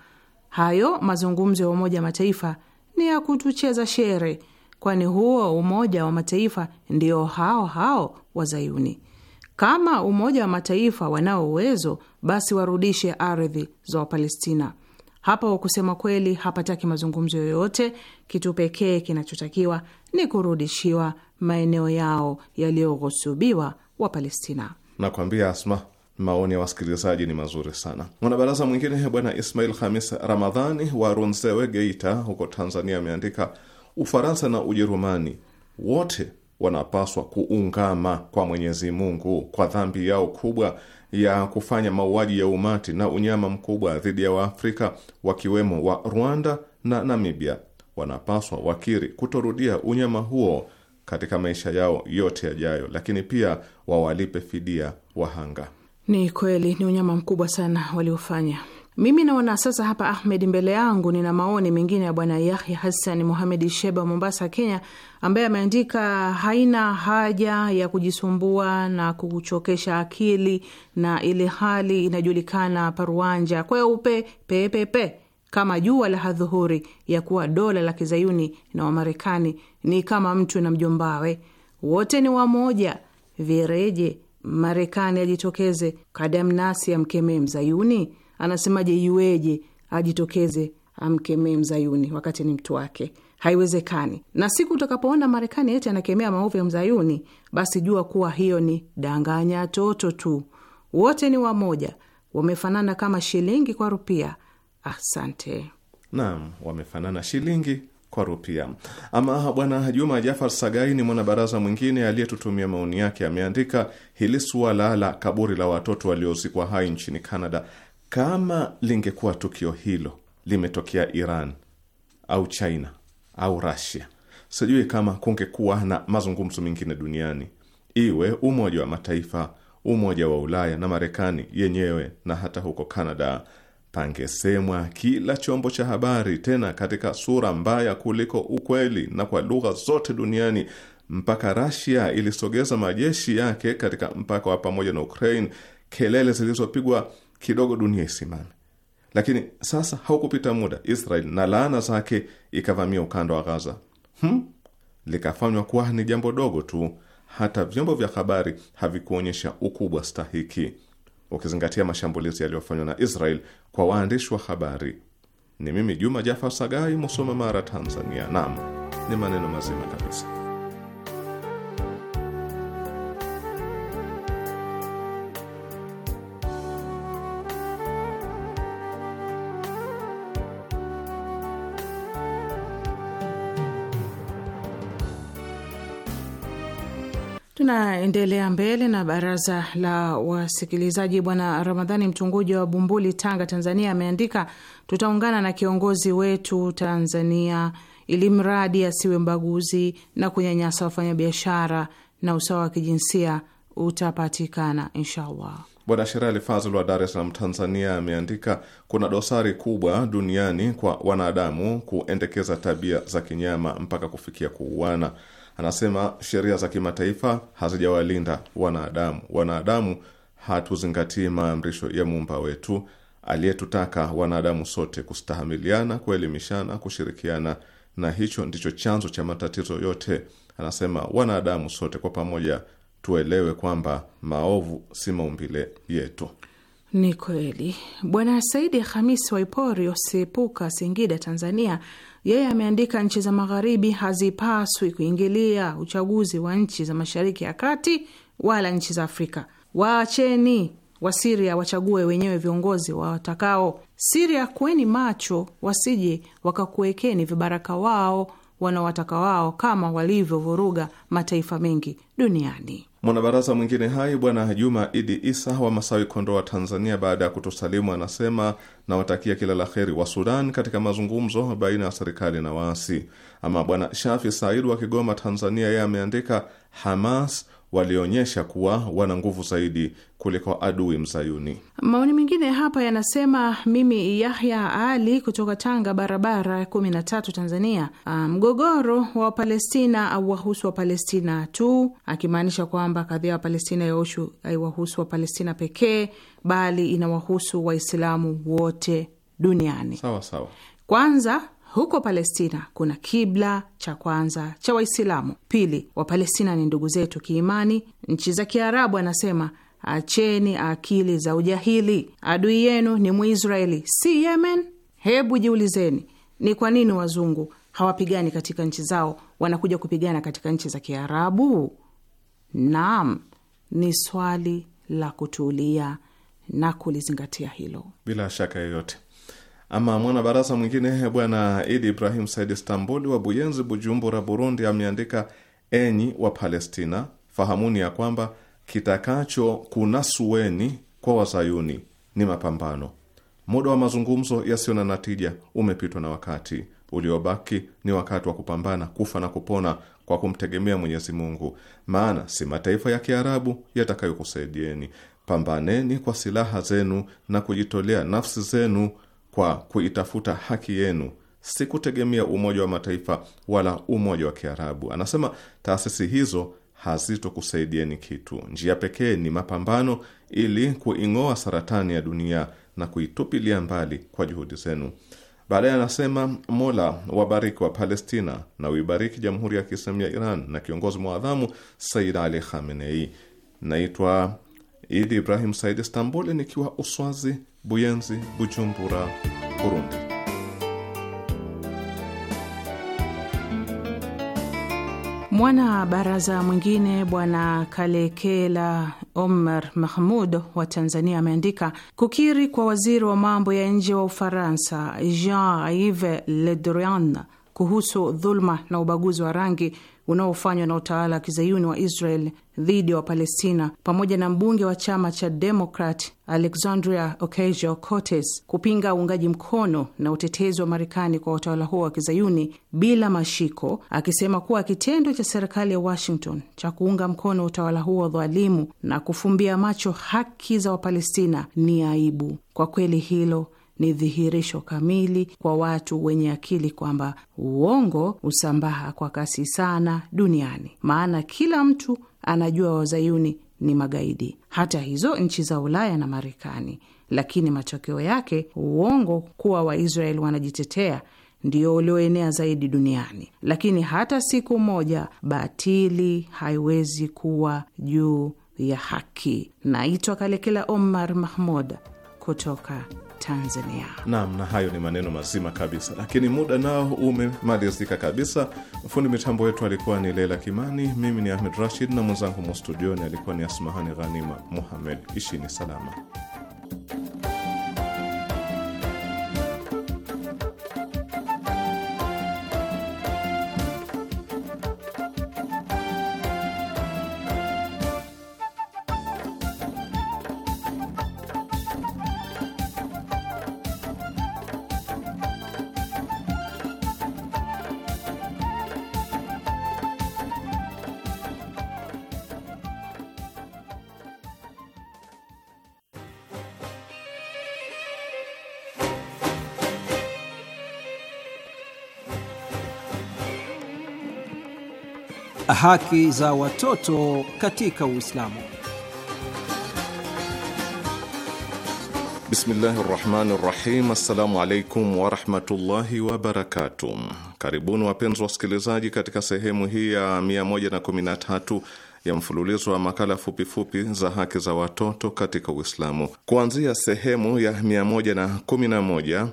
Hayo mazungumzo ya Umoja wa Mataifa ni ya kutucheza shere, kwani huo Umoja wa Mataifa ndio hao hao wazayuni. Kama Umoja wa Mataifa wanao uwezo, basi warudishe ardhi za Wapalestina. Hapo kusema kweli, hapataki mazungumzo yoyote. Kitu pekee kinachotakiwa ni kurudishiwa maeneo yao yaliyoghusubiwa Wapalestina. Nakwambia Asma, maoni ya wasikilizaji ni mazuri sana. Mwanabaraza mwingine Bwana Ismail Hamis Ramadhani wa Runzewe, Geita huko Tanzania, ameandika Ufaransa na Ujerumani wote wanapaswa kuungama kwa Mwenyezi Mungu kwa dhambi yao kubwa ya kufanya mauaji ya umati na unyama mkubwa dhidi ya Waafrika wakiwemo wa Rwanda na Namibia. Wanapaswa wakiri kutorudia unyama huo katika maisha yao yote yajayo, lakini pia wawalipe fidia wahanga. Ni kweli ni unyama mkubwa sana waliofanya. Mimi naona sasa hapa, Ahmed, mbele yangu nina maoni mengine ya bwana Yahya Hassan Muhamed Sheba, Mombasa, Kenya, ambaye ameandika haina haja ya kujisumbua na kuchokesha akili na ile hali inajulikana paruanja kweupe pepepe kama jua la hadhuhuri, ya kuwa dola la kizayuni na Wamarekani ni kama mtu na mjombawe, wote ni wamoja. Vireje Marekani ajitokeze, kadamnasi amkemee mzayuni anasemaje, iweje ajitokeze amkemee mzayuni wakati ni mtu wake? Haiwezekani. Na siku utakapoona Marekani eti anakemea maovu ya mzayuni, basi jua kuwa hiyo ni danganya toto tu. Wote ni wamoja, wamefanana kama shilingi kwa rupia. Asante. Naam, wamefanana shilingi kwa rupia. Ama Bwana Juma Jafar Sagai ni mwanabaraza mwingine aliyetutumia maoni yake. Ameandika hili suala la kaburi la watoto waliozikwa hai nchini Canada kama lingekuwa tukio hilo limetokea Iran au China au Rasia, sijui kama kungekuwa na mazungumzo mengine duniani, iwe Umoja wa Mataifa, Umoja wa Ulaya na Marekani yenyewe na hata huko canada pangesemwa kila chombo cha habari, tena katika sura mbaya kuliko ukweli na kwa lugha zote duniani. Mpaka Rasia ilisogeza majeshi yake katika mpaka wa pamoja na Ukraine, kelele zilizopigwa kidogo dunia isimame. Lakini sasa haukupita muda, Israel na laana zake ikavamia ukanda wa Gaza. Hmm? Likafanywa kuwa ni jambo dogo tu, hata vyombo vya habari havikuonyesha ukubwa stahiki, ukizingatia mashambulizi yaliyofanywa na Israel kwa waandishi wa habari. Ni mimi Juma Jafar Sagai, Musoma, Mara, Tanzania. Naam, ni maneno mazima kabisa. Tunaendelea mbele na baraza la wasikilizaji. Bwana Ramadhani Mchunguji wa Bumbuli, Tanga, Tanzania, ameandika tutaungana na kiongozi wetu Tanzania ili mradi asiwe mbaguzi na kunyanyasa wafanyabiashara na usawa wa kijinsia utapatikana inshallah. Bwana Sherali Fazl wa Dar es Salaam, Tanzania, ameandika kuna dosari kubwa duniani kwa wanadamu kuendekeza tabia za kinyama mpaka kufikia kuuana. Anasema sheria za kimataifa hazijawalinda wanadamu. Wanadamu hatuzingatii maamrisho ya muumba wetu aliyetutaka wanadamu sote kustahamiliana, kuelimishana, kushirikiana, na hicho ndicho chanzo cha matatizo yote. Anasema wanadamu sote kwa pamoja tuelewe kwamba maovu si maumbile yetu. Ni kweli. Bwana Saidi Hamisi Waipori Osepuka, Singida, Tanzania yeye ameandika, nchi za magharibi hazipaswi kuingilia uchaguzi wa nchi za mashariki ya kati wala nchi za Afrika. Waacheni Wasiria wachague wenyewe viongozi wawatakao. Siria, kweni macho, wasije wakakuwekeni vibaraka wao wanaowataka wao, kama walivyovuruga mataifa mengi duniani. Mwanabaraza mwingine hai Bwana Juma Idi Isa wa Masawi, Kondoa, Tanzania, baada ya kutosalimu anasema nawatakia kila la heri wa Sudan katika mazungumzo baina ya serikali na waasi. Ama Bwana Shafi Said wa Kigoma, Tanzania, yeye ameandika Hamas walionyesha kuwa wana nguvu zaidi kuliko adui mzayuni. Maoni mengine hapa yanasema, mimi Yahya Ali kutoka Tanga, barabara ya kumi na tatu, Tanzania. Ah, mgogoro wa Wapalestina auwahusu Wapalestina tu, akimaanisha kwamba kadhia ya Wapalestina yaushu aiwahusu Wapalestina pekee, bali inawahusu Waislamu wote duniani. Sawa sawa. Kwanza huko Palestina kuna kibla cha kwanza cha Waislamu. Pili, Wapalestina ni ndugu zetu kiimani. Nchi za Kiarabu anasema acheni akili za ujahili, adui yenu ni muisraeli si Yemen. Hebu jiulizeni, ni kwa nini wazungu hawapigani katika nchi zao, wanakuja kupigana katika nchi za Kiarabu? Naam, ni swali la kutulia na kulizingatia hilo bila shaka yoyote. Ama mwanabaraza mwingine Bwana Idi Ibrahim Said Istanbul wa Buyenzi, Bujumbura, Burundi, ameandika enyi wa Palestina, fahamuni ya kwamba kitakacho kunasueni kwa wazayuni ni mapambano. Muda wa mazungumzo yasiyo na natija umepitwa na wakati uliobaki ni wakati wa kupambana kufa na kupona kwa kumtegemea Mwenyezi Mungu, maana si mataifa ya Kiarabu yatakayokusaidieni. Pambaneni kwa silaha zenu na kujitolea nafsi zenu kwa kuitafuta haki yenu, si kutegemea Umoja wa Mataifa wala Umoja wa Kiarabu. Anasema taasisi hizo hazitokusaidieni kitu. Njia pekee ni mapambano ili kuing'oa saratani ya dunia na kuitupilia mbali kwa juhudi zenu. Baadaye anasema Mola wabariki wa Palestina na uibariki Jamhuri ya Kiislamu ya Iran na kiongozi mwadhamu Said Ali Khamenei. Naitwa Idi Ibrahim Said Istanbul, nikiwa Uswazi, Buyenzi, Bujumbura, Burundi. Mwana baraza mwingine Bwana Kalekela Omar Mahmud wa Tanzania ameandika kukiri kwa waziri wa mambo ya nje wa Ufaransa Jean Yves Le Drian kuhusu dhuluma na ubaguzi wa rangi unaofanywa na utawala wa kizayuni wa Israel dhidi ya Wapalestina pamoja na mbunge wa chama cha Demokrat Alexandria Ocasio Cortes kupinga uungaji mkono na utetezi wa Marekani kwa utawala huo wa kizayuni bila mashiko, akisema kuwa kitendo cha serikali ya Washington cha kuunga mkono utawala huo wa dhalimu na kufumbia macho haki za Wapalestina ni aibu. Kwa kweli hilo ni dhihirisho kamili kwa watu wenye akili kwamba uongo husambaa kwa kasi sana duniani, maana kila mtu anajua wazayuni ni magaidi, hata hizo nchi za Ulaya na Marekani. Lakini matokeo yake uongo kuwa Waisraeli wanajitetea ndio ulioenea zaidi duniani. Lakini hata siku moja batili haiwezi kuwa juu ya haki. Naitwa Kalekela Omar Mahmud kutoka Tanzania. Naam, na hayo ni maneno mazima kabisa, lakini muda nao umemalizika kabisa. Fundi mitambo wetu alikuwa ni Leila Kimani, mimi ni Ahmed Rashid na mwenzangu mustudioni alikuwa ni Asmahani Ghanima Muhammed. Ishini salama. haki za watoto katika Uislamu. Bismillahi rahmani rahim. Assalamu alaikum warahmatullahi wabarakatu. Karibuni wapenzi wasikilizaji, katika sehemu hii ya 113 ya mfululizo wa makala fupifupi fupi za haki za watoto katika Uislamu. Kuanzia sehemu ya 111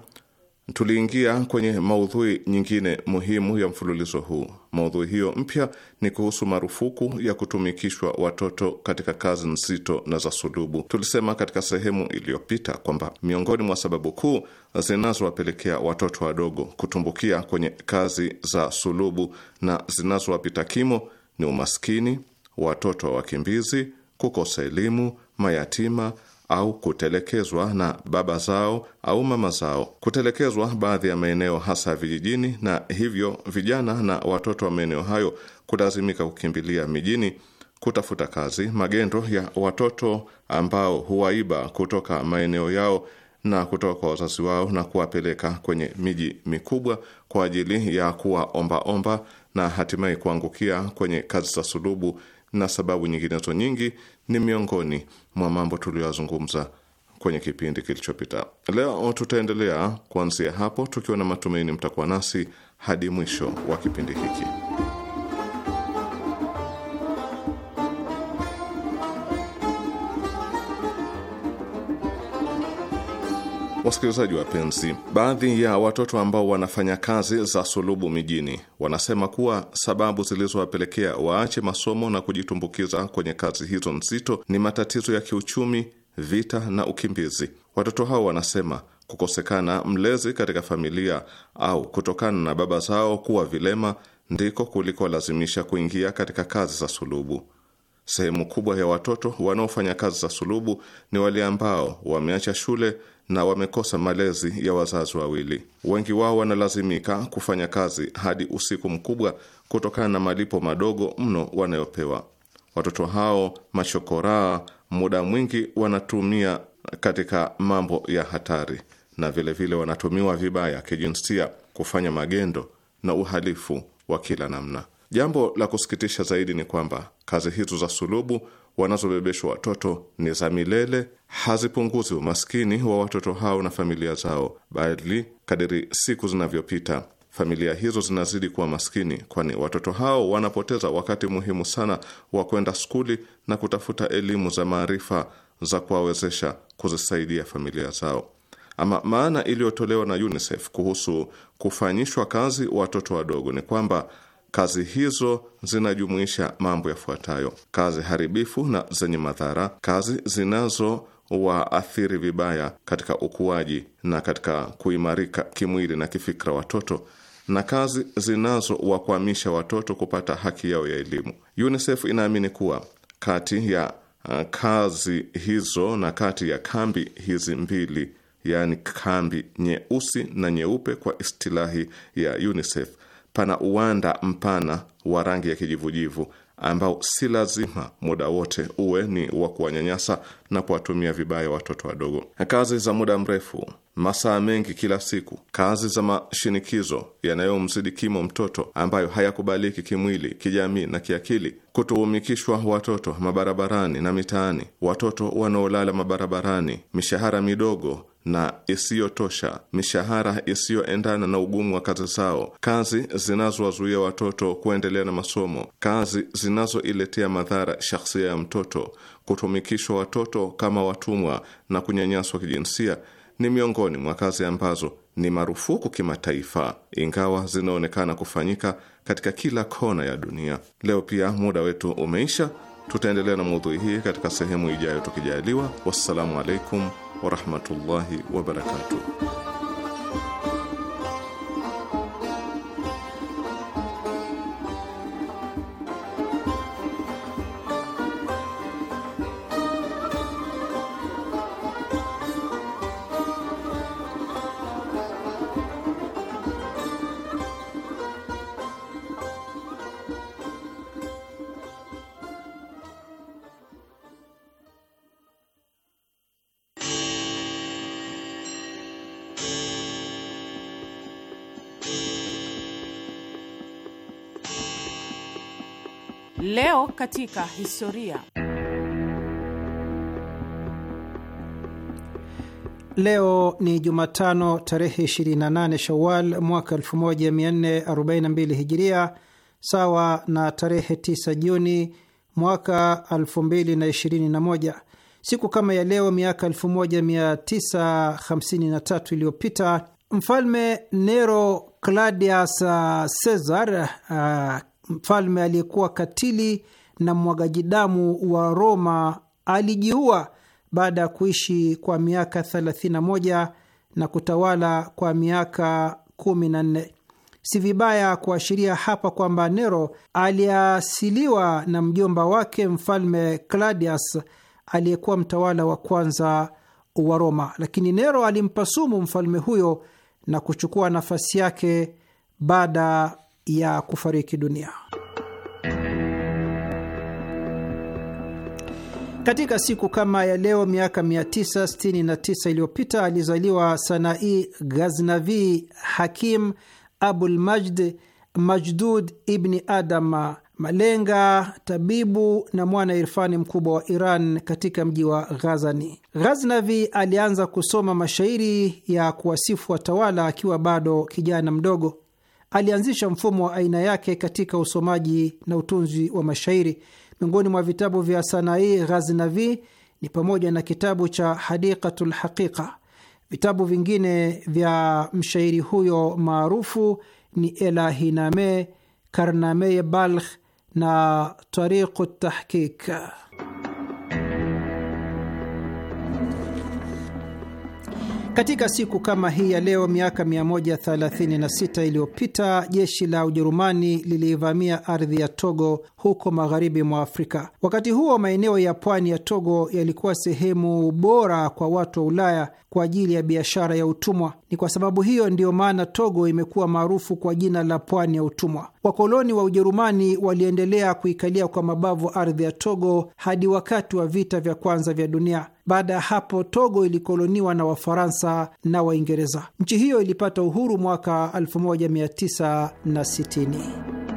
tuliingia kwenye maudhui nyingine muhimu ya mfululizo huu Maudhui hiyo mpya ni kuhusu marufuku ya kutumikishwa watoto katika kazi nzito na za sulubu. Tulisema katika sehemu iliyopita kwamba miongoni mwa sababu kuu zinazowapelekea watoto wadogo kutumbukia kwenye kazi za sulubu na zinazowapita kimo ni umaskini, watoto wa wakimbizi, kukosa elimu, mayatima au kutelekezwa na baba zao au mama zao. Kutelekezwa baadhi ya maeneo hasa vijijini, na hivyo vijana na watoto wa maeneo hayo kulazimika kukimbilia mijini kutafuta kazi, magendo ya watoto ambao huwaiba kutoka maeneo yao na kutoka kwa wazazi wao na kuwapeleka kwenye miji mikubwa kwa ajili ya kuwa omba na hatimaye kuangukia kwenye kazi za sulubu na sababu nyinginezo nyingi ni miongoni mwa mambo tuliyoyazungumza kwenye kipindi kilichopita. Leo tutaendelea kuanzia hapo, tukiwa na matumaini mtakuwa nasi hadi mwisho wa kipindi hiki. Wasikilizaji wapenzi, baadhi ya watoto ambao wanafanya kazi za sulubu mijini wanasema kuwa sababu zilizowapelekea waache masomo na kujitumbukiza kwenye kazi hizo nzito ni matatizo ya kiuchumi, vita na ukimbizi. Watoto hao wanasema kukosekana mlezi katika familia au kutokana na baba zao kuwa vilema ndiko kulikolazimisha kuingia katika kazi za sulubu. Sehemu kubwa ya watoto wanaofanya kazi za sulubu ni wale ambao wameacha shule na wamekosa malezi ya wazazi wawili. Wengi wao wanalazimika kufanya kazi hadi usiku mkubwa kutokana na malipo madogo mno wanayopewa. Watoto hao machokoraa muda mwingi wanatumia katika mambo ya hatari na vilevile vile wanatumiwa vibaya kijinsia, kufanya magendo na uhalifu wa kila namna. Jambo la kusikitisha zaidi ni kwamba kazi hizo za sulubu wanazobebeshwa watoto ni za milele, hazipunguzi umaskini wa watoto hao na familia zao, bali kadiri siku zinavyopita familia hizo zinazidi kuwa maskini, kwani watoto hao wanapoteza wakati muhimu sana wa kwenda skuli na kutafuta elimu za maarifa za kuwawezesha kuzisaidia familia zao. Ama maana iliyotolewa na UNICEF kuhusu kufanyishwa kazi watoto wadogo ni kwamba Kazi hizo zinajumuisha mambo yafuatayo: kazi haribifu na zenye madhara, kazi zinazo waathiri vibaya katika ukuaji na katika kuimarika kimwili na kifikra watoto na kazi zinazowakwamisha watoto kupata haki yao ya elimu. UNICEF inaamini kuwa kati ya uh, kazi hizo na kati ya kambi hizi mbili, yaani kambi nyeusi na nyeupe kwa istilahi ya UNICEF, pana uwanda mpana wa rangi ya kijivujivu ambao si lazima muda wote uwe ni wa kuwanyanyasa na kuwatumia vibaya watoto wadogo. Kazi za muda mrefu, masaa mengi kila siku, kazi za mashinikizo yanayomzidi kimo mtoto, ambayo hayakubaliki kimwili, kijamii na kiakili, kutuhumikishwa watoto mabarabarani na mitaani, watoto wanaolala mabarabarani, mishahara midogo na isiyotosha, mishahara isiyoendana na ugumu wa kazi zao, kazi zinazowazuia watoto kuendelea na masomo, kazi zinazoiletea madhara shakhsia ya mtoto, kutumikishwa watoto kama watumwa na kunyanyaswa kijinsia ni miongoni mwa kazi ambazo ni marufuku kimataifa, ingawa zinaonekana kufanyika katika kila kona ya dunia. Leo pia muda wetu umeisha. Tutaendelea na maudhui hii katika sehemu ijayo tukijaliwa. Wassalamu alaikum ورحمه الله وبركاته Leo katika historia. Leo ni Jumatano tarehe 28 Shawal mwaka 1442 Hijiria, sawa na tarehe 9 Juni mwaka 2021. Siku kama ya leo miaka 1953 iliyopita mfalme Nero Claudius Caesar uh, mfalme aliyekuwa katili na mwagaji damu wa Roma alijiua baada ya kuishi kwa miaka 31 na kutawala kwa miaka 14. Si vibaya kuashiria hapa kwamba Nero aliasiliwa na mjomba wake mfalme Claudius aliyekuwa mtawala wa kwanza wa Roma, lakini Nero alimpa sumu mfalme huyo na kuchukua nafasi yake baada ya kufariki dunia. Katika siku kama ya leo miaka 969 iliyopita alizaliwa Sanai Ghaznavi Hakim Abulmajd Majdud Ibni Adam, malenga, tabibu na mwana irfani mkubwa wa Iran katika mji wa Ghazani. Ghaznavi alianza kusoma mashairi ya kuwasifu watawala akiwa bado kijana mdogo alianzisha mfumo wa aina yake katika usomaji na utunzi wa mashairi. Miongoni mwa vitabu vya Sanai Ghaznavi ni pamoja na kitabu cha Hadiqatul Lhaqiqa. Vitabu vingine vya mshairi huyo maarufu ni Elahiname, Karnameye Balkh na Tariqu Tahkik. Katika siku kama hii ya leo miaka 136 iliyopita jeshi la Ujerumani liliivamia ardhi ya Togo huko magharibi mwa Afrika. Wakati huo maeneo ya pwani ya Togo yalikuwa sehemu bora kwa watu wa Ulaya kwa ajili ya biashara ya utumwa. Ni kwa sababu hiyo ndiyo maana Togo imekuwa maarufu kwa jina la pwani ya utumwa. Wakoloni wa Ujerumani waliendelea kuikalia kwa mabavu ardhi ya Togo hadi wakati wa vita vya kwanza vya dunia. Baada ya hapo, Togo ilikoloniwa na Wafaransa na Waingereza. Nchi hiyo ilipata uhuru mwaka 1960.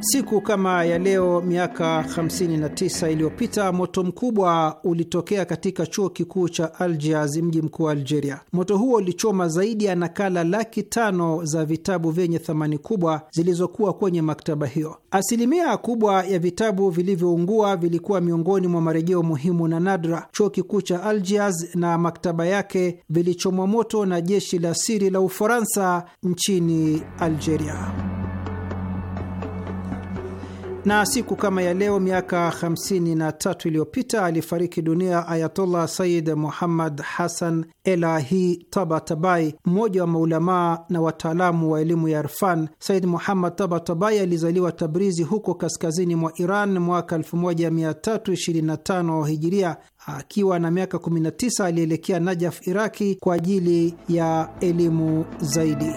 Siku kama ya leo miaka 59 iliyopita moto mkubwa ulitokea katika chuo kikuu cha Algiers, mji mkuu wa Algeria. Moto huo ulichoma zaidi ya nakala laki tano za vitabu vyenye thamani kubwa zilizokuwa kwenye maktaba hiyo. Asilimia kubwa ya vitabu vilivyoungua vilikuwa miongoni mwa marejeo muhimu na nadra. Chuo kikuu cha Algiers na maktaba yake vilichomwa moto na jeshi la siri la Ufaransa nchini Algeria na siku kama ya leo miaka 53 iliyopita alifariki dunia Ayatollah Sayyid Muhammad Hassan Elahi Tabatabai, mmoja wa maulamaa na wataalamu wa elimu ya Irfan. Sayyid Muhammad Tabatabai alizaliwa Tabrizi huko kaskazini mwa Iran mwaka 1325 Hijiria. Akiwa na miaka 19 alielekea Najaf, Iraki, kwa ajili ya elimu zaidi.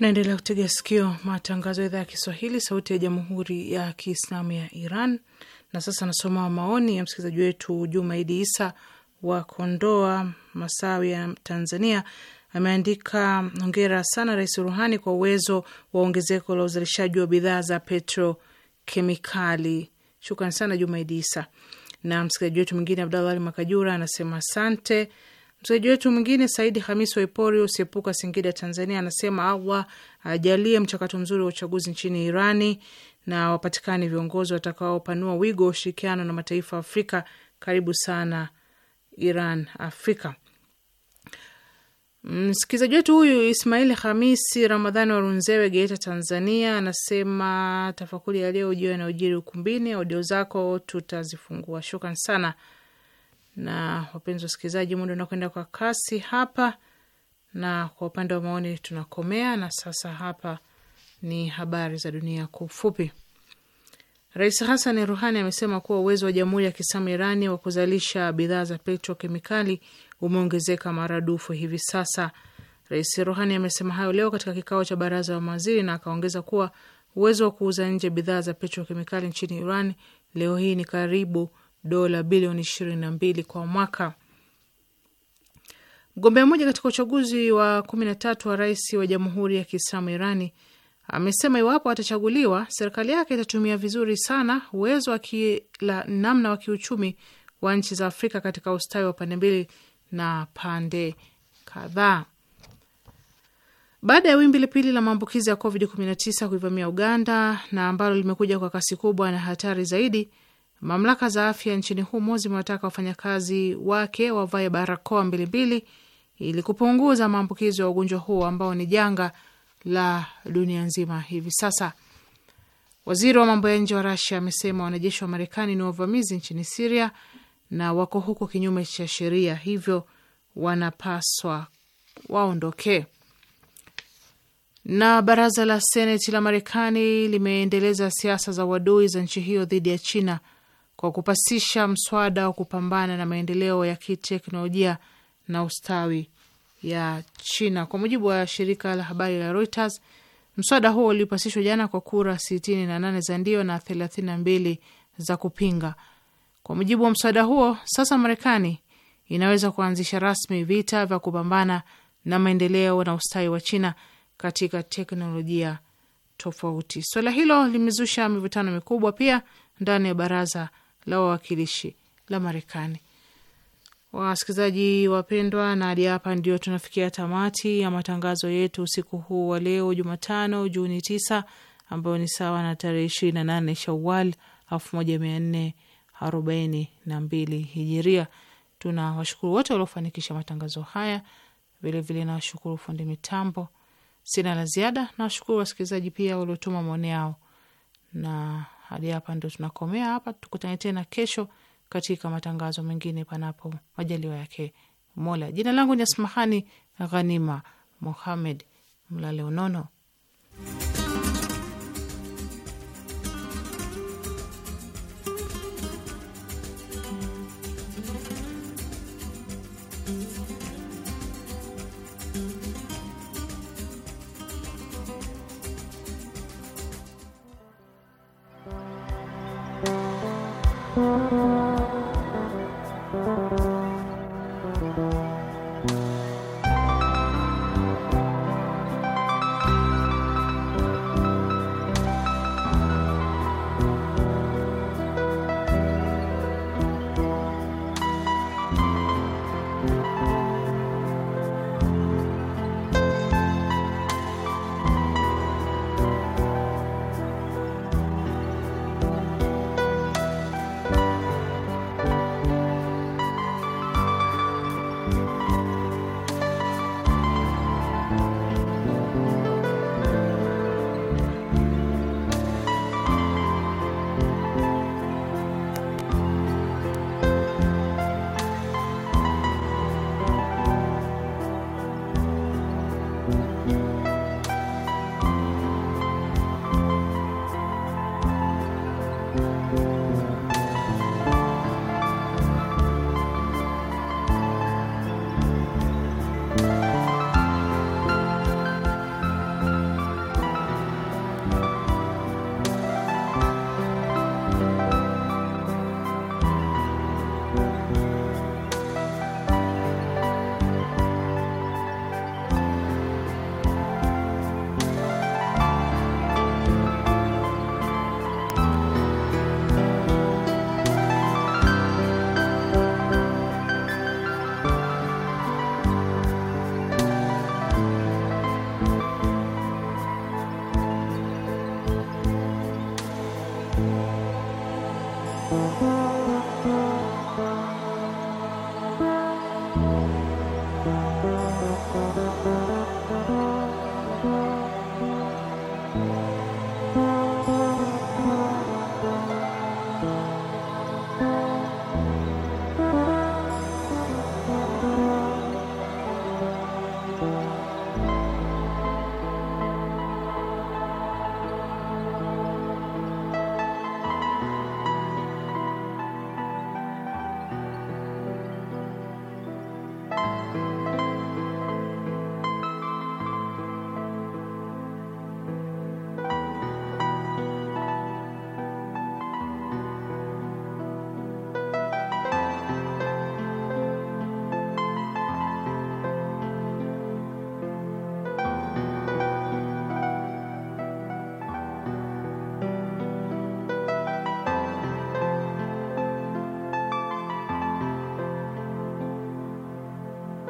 Naendelea kutegea sikio matangazo ya idhaa ya Kiswahili, sauti ya jamhuri ya kiislamu ya Iran. Na sasa nasoma maoni ya msikilizaji wetu Jumaidi Isa wa Kondoa Masawi ya Tanzania. Ameandika, hongera sana Rais Ruhani kwa uwezo wa ongezeko la uzalishaji wa bidhaa za petrokemikali. Shukran sana Jumaidi Isa. Na msikilizaji wetu mwingine Abdallah Ali Makajura anasema asante Msikilizaji wetu mwingine Saidi hamis Waipori Usiepuka, Singida, Tanzania, anasema awa ajalie mchakato mzuri wa uchaguzi nchini Irani na wapatikane viongozi watakaopanua wigo wa ushirikiano na mataifa Afrika. Karibu sana Iran Afrika. Msikilizaji wetu huyu Ismaili Hamisi Ramadhani wa Runzewe, Geita, Tanzania, anasema tafakuri ya leo, jua ujiri ukumbini, audio zako tutazifungua. Shukran sana na wapenzi wasikilizaji, muda unakwenda kwa kasi hapa, na kwa upande wa maoni tunakomea. Na sasa hapa ni habari za dunia kwa ufupi. Rais Hassan Ruhani amesema kuwa uwezo wa Jamhuri ya Kiislamu Irani wa kuzalisha bidhaa za petrokemikali umeongezeka maradufu hivi sasa. Rais Ruhani amesema hayo leo katika kikao cha baraza la mawaziri na akaongeza kuwa uwezo wa kuuza nje bidhaa za petrokemikali nchini Iran leo hii ni karibu dola bilioni ishirini na mbili kwa mwaka. Mgombea mmoja katika uchaguzi wa kumi na tatu wa rais wa Jamhuri ya Kiislamu Irani amesema iwapo atachaguliwa, serikali yake itatumia vizuri sana uwezo wa kila namna wa kiuchumi wa nchi za Afrika katika ustawi wa pande mbili na pande kadhaa. Baada ya wimbi la pili la maambukizi ya COVID-19 kuivamia Uganda na ambalo limekuja kwa kasi kubwa na hatari zaidi, Mamlaka za afya nchini humo zimewataka wafanyakazi wake wavae barakoa mbilimbili ili kupunguza maambukizo ya ugonjwa huo ambao ni janga la dunia nzima hivi sasa. Waziri wa mambo ya nje wa Rasia amesema wanajeshi wa Marekani ni wavamizi nchini Siria na wako huko kinyume cha sheria, hivyo wanapaswa waondoke. Na baraza la seneti la Marekani limeendeleza siasa za uadui za nchi hiyo dhidi ya China kwa kupasisha mswada wa kupambana na maendeleo ya kiteknolojia na ustawi ya China. Kwa mujibu wa shirika la habari la Reuters, mswada huo ulipasishwa jana kwa kura 68 za ndio na 32 za kupinga. Kwa mujibu wa mswada huo, sasa Marekani inaweza kuanzisha rasmi vita vya kupambana na maendeleo na ustawi wa China katika teknolojia tofauti. Swala hilo limezusha mivutano mikubwa pia ndani ya baraza la wawakilishi la Marekani. Wasikilizaji wapendwa, na hadi hapa ndio tunafikia tamati ya matangazo yetu usiku huu wa leo Jumatano Juni tisa, ambayo ni sawa na tarehe ishirini na nane Shawal elfu moja mia nne arobaini na mbili hijiria. Tuna washukuru wote waliofanikisha matangazo haya, vilevile nawashukuru fundi mitambo. Sina la ziada, nawashukuru washukuru wasikilizaji pia waliotuma maoni yao na hadi hapa ndo tunakomea hapa, tukutane tena kesho katika matangazo mengine, panapo majaliwa yake Mola. Jina langu ni Asmahani Ghanima muhammed Mlale unono.